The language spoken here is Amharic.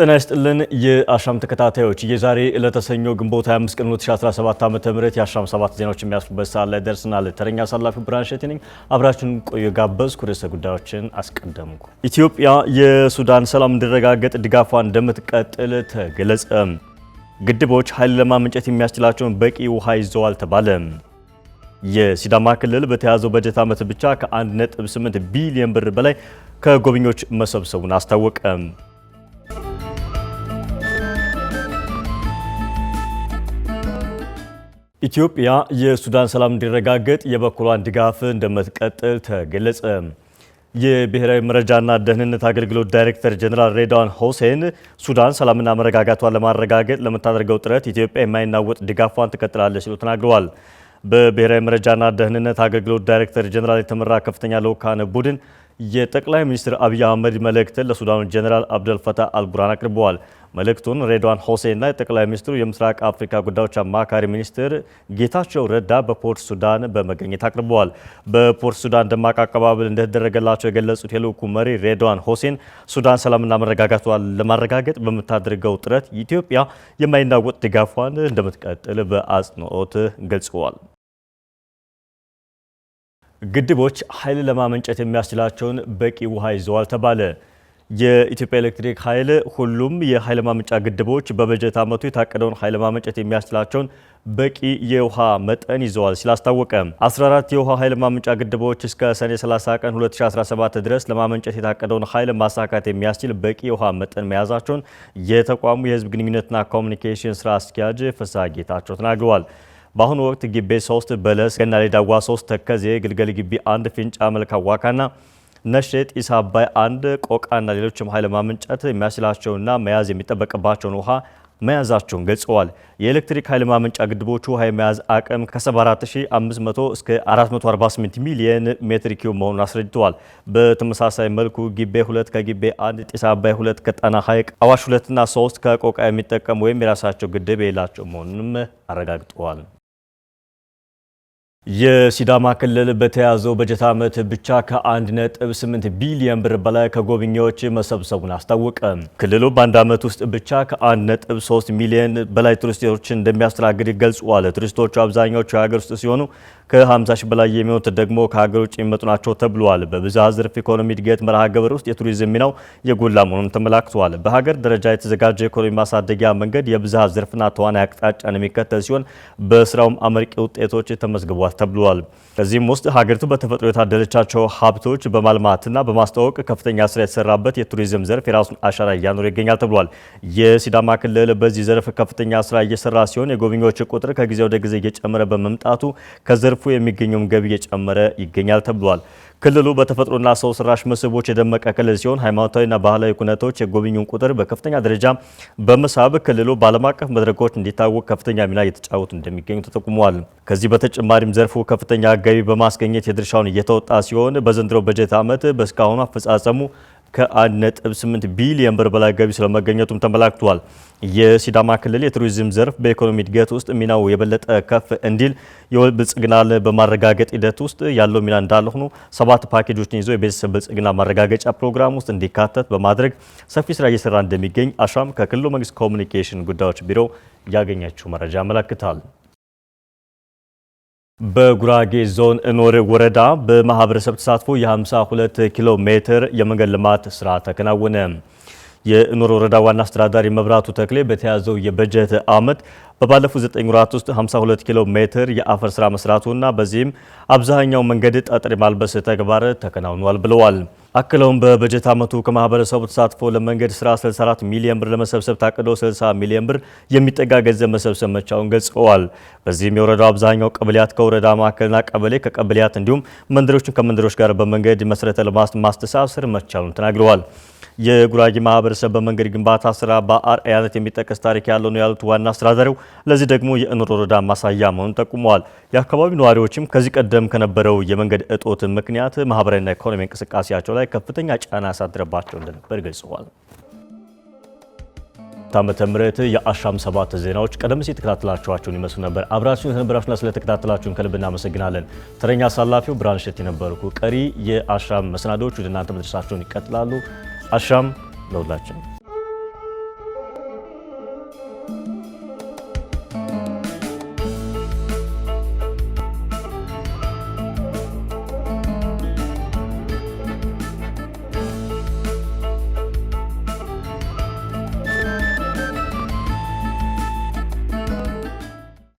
ጤና ይስጥልን የአሻም ተከታታዮች የዛሬ ለተሰኞ ግንቦት 25 ቀን 2017 ዓ.ም የአሻም ሰባት ዜናዎች የሚያስፉበት ሰዓት ላይ ደርሰናል። ተረኛ አሳላፊው ብርሃን ነኝ። አብራችን ቆዩ። ጋበዝኩ። ርዕሰ ጉዳዮችን አስቀደምኩ። ኢትዮጵያ የሱዳን ሰላም እንዲረጋገጥ ድጋፏ እንደምትቀጥል ተገለጸ። ግድቦች ኃይል ለማመንጨት የሚያስችላቸውን በቂ ውሃ ይዘዋል ተባለ። የሲዳማ ክልል በተያዘው በጀት ዓመት ብቻ ከ1.8 ቢሊዮን ብር በላይ ከጎብኚዎች መሰብሰቡን አስታወቀም። ኢትዮጵያ የሱዳን ሰላም እንዲረጋገጥ የበኩሏን ድጋፍ እንደምትቀጥል ተገለጸ። የብሔራዊ መረጃና ደህንነት አገልግሎት ዳይሬክተር ጀኔራል ሬድዋን ሁሴን ሱዳን ሰላምና መረጋጋቷን ለማረጋገጥ ለምታደርገው ጥረት ኢትዮጵያ የማይናወጥ ድጋፏን ትቀጥላለች ሲሉ ተናግረዋል። በብሔራዊ መረጃና ደህንነት አገልግሎት ዳይሬክተር ጀኔራል የተመራ ከፍተኛ ልዑካን ቡድን የጠቅላይ ሚኒስትር አብይ አህመድ መልእክትን ለሱዳኑ ጀኔራል አብደልፈታህ አልቡራን አቅርበዋል። መልእክቱን ሬድዋን ሁሴንና የጠቅላይ ሚኒስትሩ የምስራቅ አፍሪካ ጉዳዮች አማካሪ ሚኒስትር ጌታቸው ረዳ በፖርት ሱዳን በመገኘት አቅርበዋል። በፖርት ሱዳን ደማቅ አቀባበል እንደተደረገላቸው የገለጹት የልዑኩ መሪ ሬድዋን ሆሴን ሱዳን ሰላምና መረጋጋቷን ለማረጋገጥ በምታደርገው ጥረት ኢትዮጵያ የማይናወጥ ድጋፏን እንደምትቀጥል በአጽንኦት ገልጸዋል። ግድቦች ኃይል ለማመንጨት የሚያስችላቸውን በቂ ውሃ ይዘዋል ተባለ። የኢትዮጵያ ኤሌክትሪክ ኃይል ሁሉም የኃይል ማመንጫ ግድቦች በበጀት ዓመቱ የታቀደውን ኃይል ማመንጨት የሚያስችላቸውን በቂ የውሃ መጠን ይዘዋል ሲል አስታወቀ። 14 የውሃ ኃይል ማመንጫ ግድቦች እስከ ሰኔ 30 ቀን 2017 ድረስ ለማመንጨት የታቀደውን ኃይል ማሳካት የሚያስችል በቂ የውሃ መጠን መያዛቸውን የተቋሙ የሕዝብ ግንኙነትና ኮሚኒኬሽን ስራ አስኪያጅ ፍስሐ ጌታቸው ተናግረዋል። በአሁኑ ወቅት ግቤ 3 በለስ፣ ገናሌ ዳዋ 3 ተከዜ፣ ግልገል ግቢ 1 ፊንጫ፣ መልካ ዋካና ነሼ ጢስ አባይ 1 ቆቃና ሌሎችም ኃይል ማመንጨት የሚያስችላቸውና መያዝ የሚጠበቅባቸውን ውሃ መያዛቸውን ገልጸዋል። የኤሌክትሪክ ኃይል ማመንጫ ግድቦቹ ውሃ የመያዝ አቅም ከ74500 እስከ 448 ሚሊየን ሜትር ኪዩብ መሆኑን አስረድተዋል። በተመሳሳይ መልኩ ጊቤ 2 ከጊቤ 1፣ ጢስ አባይ 2 ከጣና ሐይቅ፣ አዋሽ 2ና 3 ከቆቃ የሚጠቀም ወይም የራሳቸው ግድብ የሌላቸው መሆኑንም አረጋግጠዋል። የሲዳማ ክልል በተያዘው በጀት ዓመት ብቻ ከ1.8 ቢሊዮን ብር በላይ ከጎብኚዎች መሰብሰቡን አስታወቀ። ክልሉ በአንድ ዓመት ውስጥ ብቻ ከ1.3 ሚሊዮን በላይ ቱሪስቶች እንደሚያስተናግድ ገልጿል። ቱሪስቶቹ አብዛኛዎቹ የሀገር ውስጥ ሲሆኑ ከ50 ሺህ በላይ የሚሆኑት ደግሞ ከሀገር ውጭ የሚመጡ ናቸው ተብሏል። በብዝሃ ዘርፍ ኢኮኖሚ እድገት መርሃ ግብር ውስጥ የቱሪዝም ሚናው የጎላ መሆኑን ተመላክቷል። በሀገር ደረጃ የተዘጋጀ ኢኮኖሚ ማሳደጊያ መንገድ የብዝሃ ዘርፍና ተዋናይ አቅጣጫን የሚከተል ሲሆን በስራውም አመርቂ ውጤቶች ተመዝግቧል። ተብሏል። ከዚህም ውስጥ ሀገሪቱ በተፈጥሮ የታደለቻቸው ሀብቶች በማልማትና በማስተዋወቅ ከፍተኛ ስራ የተሰራበት የቱሪዝም ዘርፍ የራሱን አሻራ እያኖረ ይገኛል ተብሏል። የሲዳማ ክልል በዚህ ዘርፍ ከፍተኛ ስራ እየሰራ ሲሆን የጎብኚዎች ቁጥር ከጊዜ ወደ ጊዜ እየጨመረ በመምጣቱ ከዘርፉ የሚገኘውም ገቢ እየጨመረ ይገኛል ተብሏል። ክልሉ በተፈጥሮና ሰው ሰራሽ መስህቦች የደመቀ ክልል ሲሆን ሃይማኖታዊና ባህላዊ ኩነቶች የጎብኙን ቁጥር በከፍተኛ ደረጃ በመሳብ ክልሉ በዓለም አቀፍ መድረኮች እንዲታወቅ ከፍተኛ ሚና እየተጫወቱ እንደሚገኙ ተጠቁመዋል። ከዚህ በተጨማሪም ዘርፉ ከፍተኛ ገቢ በማስገኘት የድርሻውን እየተወጣ ሲሆን በዘንድሮ በጀት ዓመት በእስካሁኑ አፈጻጸሙ ከ1.8 ቢሊዮን ብር በላይ ገቢ ስለመገኘቱም ተመላክቷል። የሲዳማ ክልል የቱሪዝም ዘርፍ በኢኮኖሚ እድገት ውስጥ ሚናው የበለጠ ከፍ እንዲል የወል ብልጽግናን በማረጋገጥ ሂደት ውስጥ ያለው ሚና እንዳለ ሆኖ ሰባት ፓኬጆችን ይዞ የቤተሰብ ብልጽግና ማረጋገጫ ፕሮግራም ውስጥ እንዲካተት በማድረግ ሰፊ ስራ እየሰራ እንደሚገኝ አሻም ከክልሉ መንግስት ኮሚኒኬሽን ጉዳዮች ቢሮ ያገኛችው መረጃ ያመለክታል። በጉራጌ ዞን እኖር ወረዳ በማህበረሰብ ተሳትፎ የ52 ኪሎ ሜትር የመንገድ ልማት ስራ ተከናወነ። የእኖር ወረዳ ዋና አስተዳዳሪ መብራቱ ተክሌ በተያዘው የበጀት ዓመት በባለፉት 9 ወራት ውስጥ 52 ኪሎ ሜትር የአፈር ስራ መስራቱና በዚህም አብዛኛው መንገድ ጠጠር ማልበስ ተግባር ተከናውኗል ብለዋል። አክለውም በበጀት ዓመቱ ከማህበረሰቡ ተሳትፎ ለመንገድ ስራ 64 ሚሊዮን ብር ለመሰብሰብ ታቅዶ 60 ሚሊዮን ብር የሚጠጋ ገንዘብ መሰብሰብ መቻውን ገልጸዋል። በዚህም የወረዳው አብዛኛው ቀበሌያት ከወረዳ ማዕከልና ቀበሌ ከቀበሌያት እንዲሁም መንደሮችን ከመንደሮች ጋር በመንገድ መሰረተ ልማት ማስተሳሰር መቻሉን ተናግረዋል። የጉራጌ ማህበረሰብ በመንገድ ግንባታ ስራ በአርአያነት የሚጠቀስ ታሪክ ያለው ነው ያሉት ዋና አስተዳዳሪው ለዚህ ደግሞ የእንሮ ወረዳ ማሳያ መሆኑን ጠቁመዋል። የአካባቢው ነዋሪዎችም ከዚህ ቀደም ከነበረው የመንገድ እጦት ምክንያት ማህበራዊና ኢኮኖሚ እንቅስቃሴያቸው ላይ ከፍተኛ ጫና ያሳድረባቸው እንደነበር ገልጸዋል። ዓመተ ምህረት የአሻም ሰባት ዜናዎች ቀደም ሲል ተከታተላችኋቸውን ይመስሉ ነበር። አብራችሁን የተነበራችሁና ስለተከታተላችሁን ከልብ እናመሰግናለን። ተረኛ አሳላፊው ብራንሸት የነበርኩ ቀሪ የአሻም መሰናዶዎች ወደ እናንተ መድረሳቸውን ይቀጥላሉ። Ashram Lodachen.